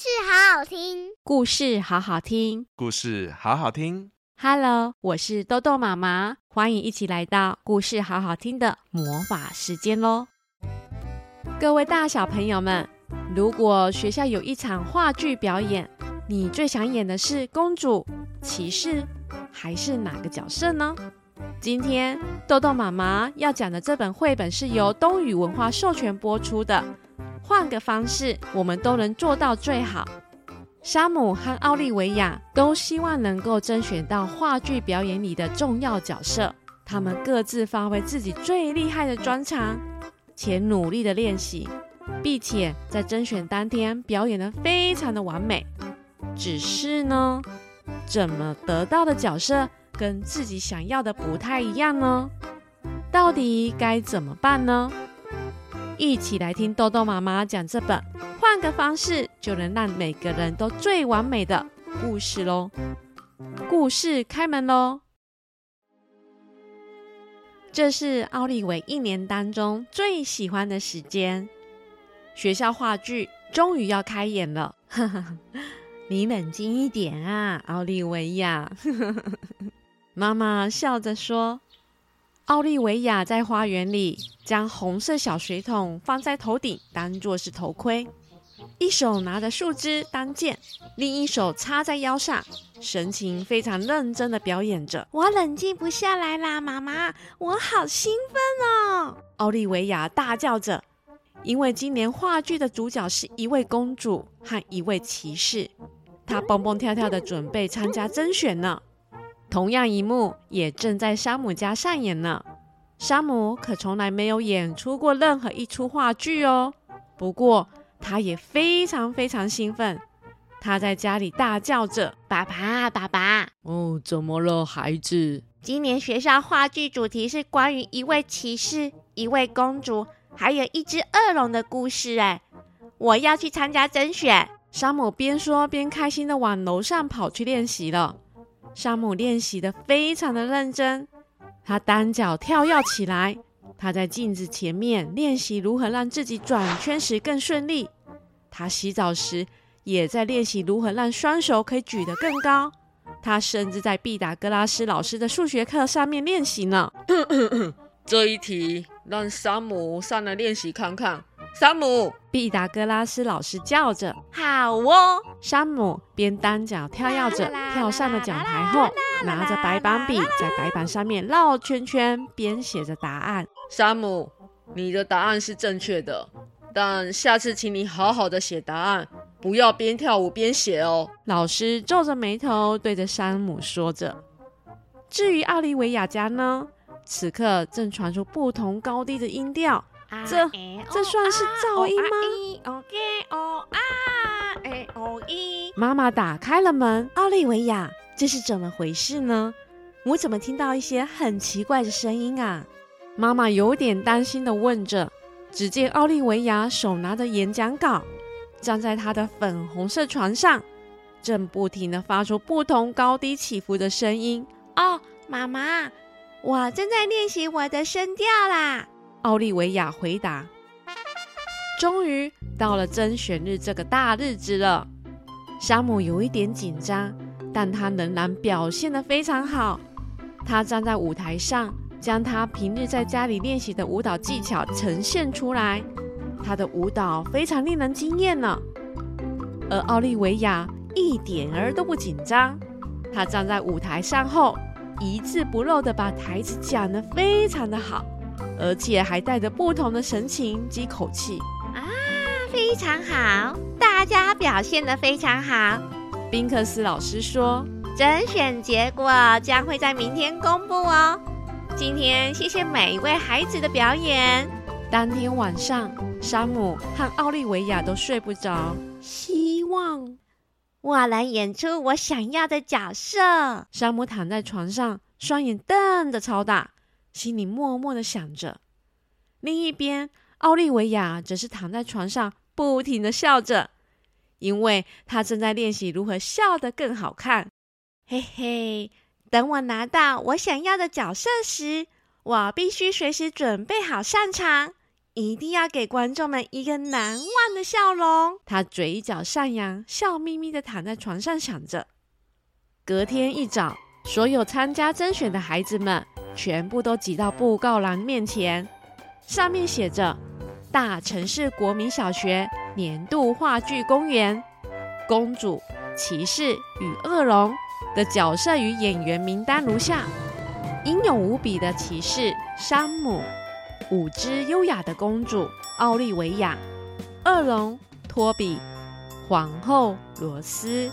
是好好聽故事好好聽，故事好好聽，故事好好聽。Hello，我是荳荳媽媽，歡迎一起來到故事好好聽的魔法時間嘍！各位大小朋友們，如果學校有一場話劇表演，你最想演的是公主、騎士，還是哪個角色呢？今天荳荳媽媽要講的這本繪本是由東雨文化授權播出的。換個方式，我們都能做到最好。山姆和奧利維亞都希望能夠甄選到話劇表演裡的重要角色，他們各自發揮自己最厲害的專長，且努力的練習，並且在甄選當天表演得非常的完美。只是呢，怎麼得到的角色跟自己想要的不太一樣呢？到底該怎麼辦呢？一起來聽豆豆媽媽講這本《換個方式就能讓每個人都最完美的故事》嘍！故事開門嘍！這是奧莉薇一年當中最喜歡的時間，學校話劇終於要開演了。 你冷靜一點啊，奧莉薇雅！ 媽媽笑着說。奧利維亞在花園裡將紅色小水桶放在頭頂，當作是頭盔，一手拿着樹枝當劍，另一手插在腰上，神情非常認真地表演着。我冷靜不下來啦，媽媽，我好興奮哦。奧莉薇雅大叫着，因為今年話劇的主角是一位公主和一位騎士，她蹦蹦跳跳地準備參加甄選呢。同樣一幕也正在山姆家上演呢。山姆可從來沒有演出過任何一出話劇哦。不過他也非常非常興奮，他在家裡大叫着：“爸爸，爸爸！”哦，怎麼了，孩子？今年學校話劇主題是關於一位騎士、一位公主，還有一隻惡龍的故事。哎，我要去參加甄選。山姆邊說邊開心地往樓上跑去練習了。山姆練習的非常的認真，他單腳跳躍起來，他在鏡子前面練習如何讓自己轉圈時更順利。他洗澡時也在練習如何讓雙手可以舉得更高。他甚至在畢達哥拉斯老師的數學課上面練習呢。這一題讓山姆上來練習看看。山姆，畢達哥拉斯老師叫着：“好哦！”山姆邊單腳跳躍着跳上了講台後，拿着白板筆在白板上面繞圈圈邊寫着答案。山姆，你的答案是正確的，但下次請你好好的寫答案，不要邊跳舞邊寫哦。老師皺着眉頭對着山姆說着。至於奧莉薇雅家呢，此刻正傳出不同高低的音調。這這算是噪音嗎？媽媽打開了門。奧莉薇雅，這是怎麼回事呢？我怎麼聽到一些很奇怪的聲音啊？媽媽有點擔心地問着。只見奧莉薇雅手拿的演講稿，站在她的粉紅色床上，正不停地發出不同高低起伏的聲音。哦，媽媽，我正在練習我的聲調啦。奧莉薇雅回答：“終於到了徵選日，這個大日子了，山姆有一點緊張，但他仍然表現得非常好。他站在舞台上，將他平日在家裡練習的舞蹈技巧呈現出來。他的舞蹈非常令人驚艷呢。而奧莉薇雅一點兒都不緊張，他站在舞台上後，一字不漏地把台詞講得非常的好。”而且還帶着不同的神情及口氣啊！非常好，大家表現得非常好。賓克斯老師說，甄選結果將會在明天公布哦。今天謝謝每一位孩子的表演。當天晚上，山姆和奧利維亞都睡不着，希望我能演出我想要的角色。山姆躺在床上，雙眼瞪得超大。心裡默默的想着，另一邊，奧利維亞則是躺在床上，不停的笑着，因為她正在練習如何笑得更好看。嘿嘿，等我拿到我想要的角色時，我必須隨時準備好上場，一定要給觀眾們一個難忘的笑容。她嘴角上揚，笑眯眯的躺在床上想着。隔天一早，所有參加徵選的孩子們全部都擠到布告欄面前，上面寫着：“大城市國民小學年度話劇公演《公主騎士與惡龍》的角色與演員名單如下：英勇無比的騎士山姆，舞姿優雅的公主奧利維亞，惡龍托比，皇后羅斯，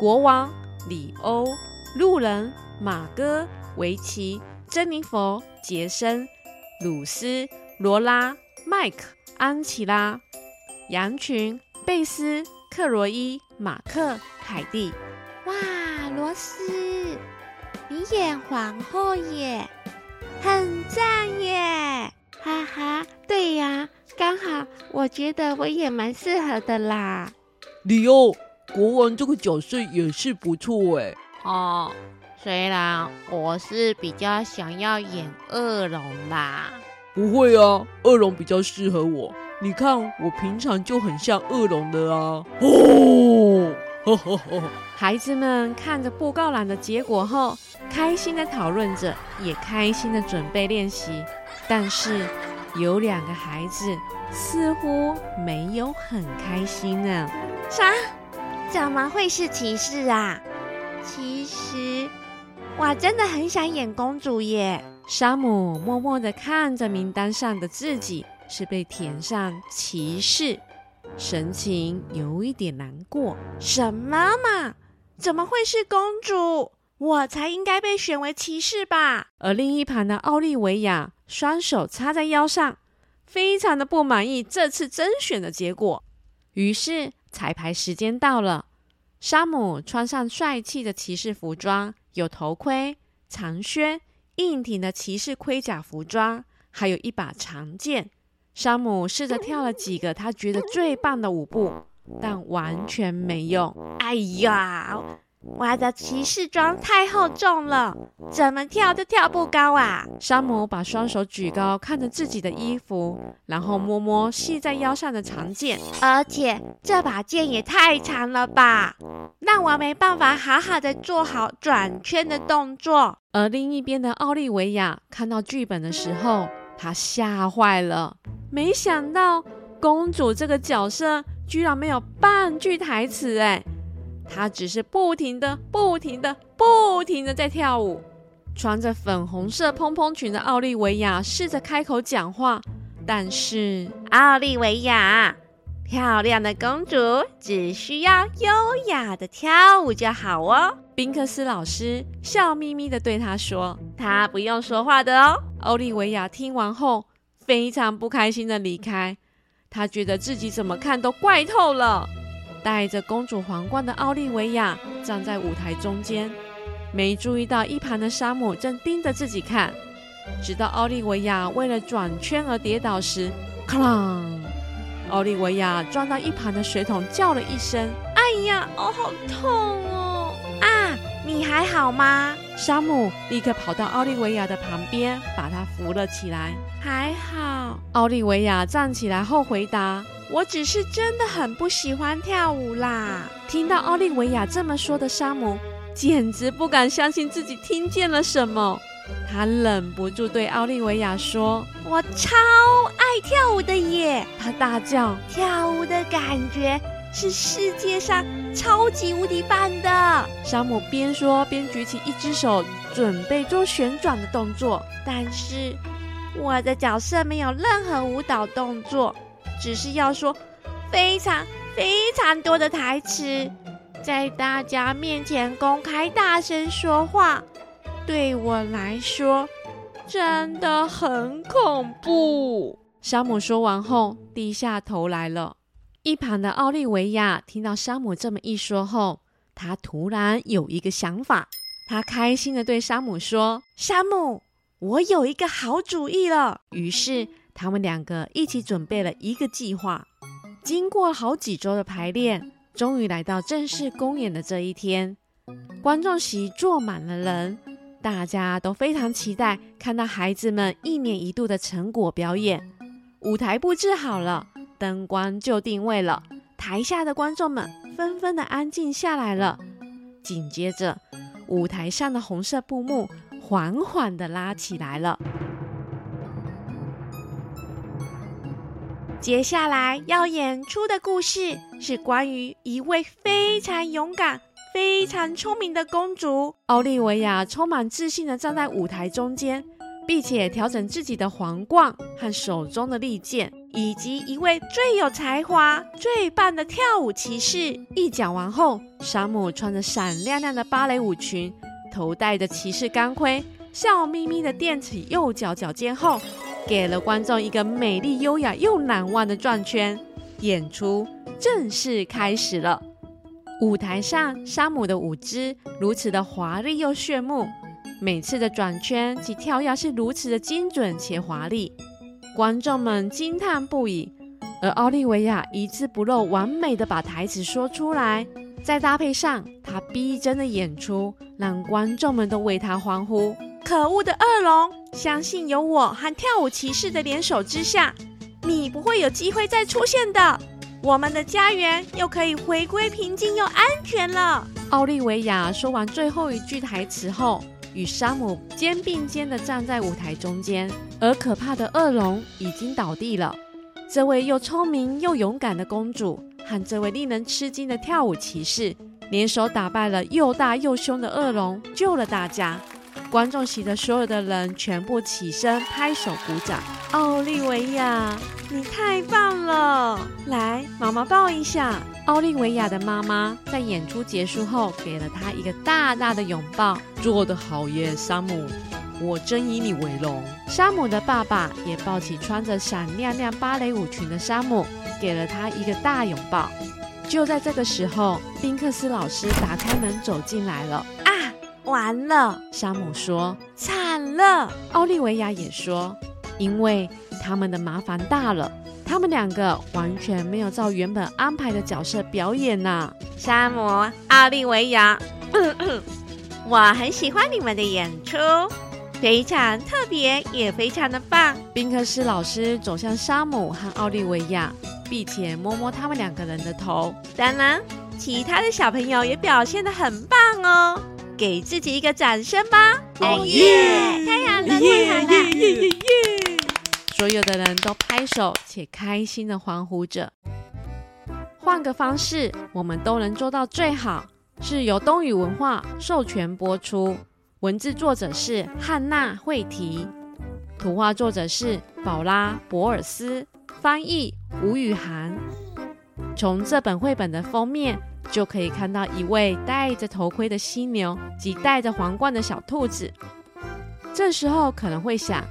國王里歐。李”路人馬哥、維奇、珍妮佛、傑森、魯斯、羅拉、麥克、安琪拉、羊群、貝斯、克羅伊、馬克、凱蒂。哇，羅斯，你演皇后耶，很讚耶！哈哈，對呀、啊，剛好，我覺得我也蠻適合的啦。你哦，國王這個角色也是不錯誒。哦，雖然我是比較想要演惡龍啦，不會啊，惡龍比較適合我。你看我平常就很像惡龍的啊。哦，哈哈哈！孩子們看着布告欄的結果後，開心的討論着，也開心的準備練習。但是有兩個孩子似乎沒有很開心呢。啥？怎麼會是騎士啊？其實，我真的很想演公主耶。山姆默默的看着名單上的自己是被填上騎士，神情有一點難過。什麼嘛？怎麼會是公主？我才應該被選為騎士吧。而另一旁的奧莉薇雅雙手插在腰上，非常的不滿意這次甄選的結果。於是，彩排時間到了。山姆穿上帥氣的騎士服裝，有頭盔、長靴、硬挺的騎士盔甲服裝，還有一把長劍。山姆試着跳了幾個他覺得最棒的舞步，但完全沒用。哎呀！我的騎士裝太厚重了，怎麼跳都跳不高啊！山姆把雙手舉高，看着自己的衣服，然後摸摸繫在腰上的長劍。而且這把劍也太長了吧，讓我沒辦法好好的做好轉圈的動作。而另一邊的奧莉薇雅看到劇本的時候，她嚇壞了，沒想到公主這個角色居然沒有半句台詞，欸，哎。她只是不停的、不停的、不停的在跳舞。穿着粉紅色蓬蓬裙的奧莉薇雅試着開口講話，但是奧莉薇雅，漂亮的公主只需要優雅的跳舞就好哦。賓克斯老師笑眯眯的對她說：“她不用說話的哦。”奧莉薇雅聽完後非常不開心的離開，她覺得自己怎麼看都怪透了。戴着公主皇冠的奧利維亞站在舞台中間，沒注意到一旁的山姆正盯着自己看。直到奧利維亞為了轉圈而跌倒時，克朗奧利維亞撞到一旁的水桶，叫了一聲：“哎呀，我好痛哦！”啊，你還好嗎？山姆立刻跑到奧利維亞的旁邊，把她扶了起來。還好，奧利維亞站起來後回答。我只是真的很不喜歡跳舞啦！聽到奧莉薇雅這麼說的，山姆簡直不敢相信自己聽見了什麼。他忍不住對奧莉薇雅說：“我超愛跳舞的耶！”他大叫：“跳舞的感覺是世界上超級無敵棒的！”山姆邊說邊舉起一隻手，準備做旋轉的動作，但是我的角色沒有任何舞蹈動作。只是要說非常非常多的台詞，在大家面前公開大聲說話，對我來說真的很恐怖。山姆說完後，低下頭來了。一旁的奧利維亞聽到山姆這麼一說後，他突然有一個想法，他開心地對山姆說：“山姆，我有一個好主意了。”於是。他們兩個一起準備了一個計劃，經過好幾周的排練，終於來到正式公演的這一天。觀眾席坐滿了人，大家都非常期待看到孩子們一年一度的成果表演。舞台布置好了，燈光就定位了，台下的觀眾們紛紛的安靜下來了。緊接着，舞台上的紅色布幕緩緩的拉起來了。接下來要演出的故事是關於一位非常勇敢、非常聰明的公主。奧莉薇雅充滿自信地站在舞台中間，並且調整自己的皇冠和手中的利劍，以及一位最有才華、最棒的跳舞騎士。一講完後，山姆穿着閃亮亮的芭蕾舞裙，頭戴著騎士鋼盔，笑眯眯地墊起右腳腳尖後。給了觀眾一個美麗、優雅又難忘的轉圈，演出正式開始了。舞台上，山姆的舞姿如此的華麗又炫目，每次的轉圈及跳躍是如此的精準且華麗，觀眾們驚嘆不已。而奧利維亞一字不漏、完美的把台詞說出來，再搭配上她逼真的演出，讓觀眾們都為她歡呼。可惡的惡龍！相信，有我和跳舞騎士的聯手之下，你不會有機會再出現的。我們的家園又可以回歸平靜又安全了。奧利維亞說完最後一句台詞後，與山姆肩並肩的站在舞台中間，而可怕的惡龍已經倒地了。這位又聰明又勇敢的公主和這位令人吃驚的跳舞騎士聯手打敗了又大又兇的惡龍，救了大家。觀眾席的所有的人全部起身拍手鼓掌。奧利維亞，你太棒了！來，媽媽抱一下。奧利維亞的媽媽在演出結束後給了她一個大大的擁抱。做得好耶，山姆！我真以你為榮。山姆的爸爸也抱起穿着閃亮亮芭蕾舞裙的山姆，給了他一個大擁抱。就在這個時候，賓克斯老師打開門走進來了。啊！完了，山姆說：“慘了。”奧利維亞也說：“因為他們的麻煩大了，他們兩個完全沒有照原本安排的角色表演吶、啊。”山姆，奧利維亞，呵呵，我很喜歡你們的演出，非常特別，也非常的棒。賓克斯老師走向山姆和奧利維亞，並且摸摸他們兩個人的頭。當然，其他的小朋友也表現得很棒哦。給自己一個掌聲吧！哎耶，太好了，太好了！耶耶耶耶！所有的人都拍手且開心的歡呼着。換個方式，我們都能做到最好。是由東雨文化授權播出，文字作者是漢娜·惠緹，圖畫作者是寶拉·博爾斯，翻譯吳羽涵。從這本繪本的封面就可以看到一位戴着頭盔的犀牛及戴着皇冠的小兔子。這時候可能會想：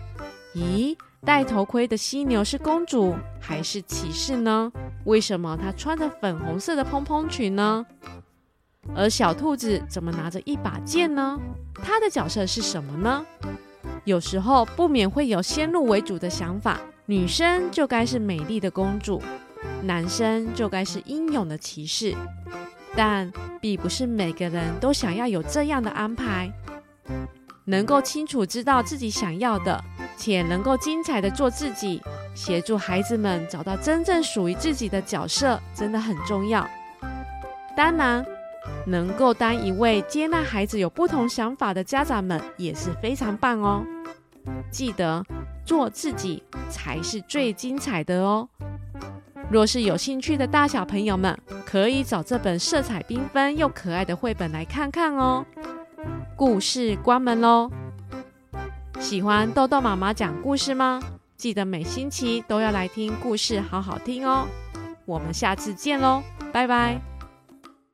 咦，戴頭盔的犀牛是公主還是騎士呢？為什麼她穿着粉紅色的蓬蓬裙呢？而小兔子怎麼拿着一把劍呢？它的角色是什麼呢？有時候不免會有先入為主的想法：女生就該是美麗的公主。男生就該是英勇的騎士，但並不是每個人都想要有這樣的安排。能夠清楚知道自己想要的，且能夠精彩的做自己，協助孩子們找到真正屬於自己的角色，真的很重要。當然，能夠當一位接納孩子有不同想法的家長們也是非常棒哦。記得做自己才是最精彩的哦。若是有興趣的大小朋友們，可以找這本色彩繽紛又可愛的繪本來看看哦。故事關門嘍！喜歡荳荳媽媽講故事嗎？記得每星期都要來聽故事，好好聽哦。我們下次見嘍，拜拜。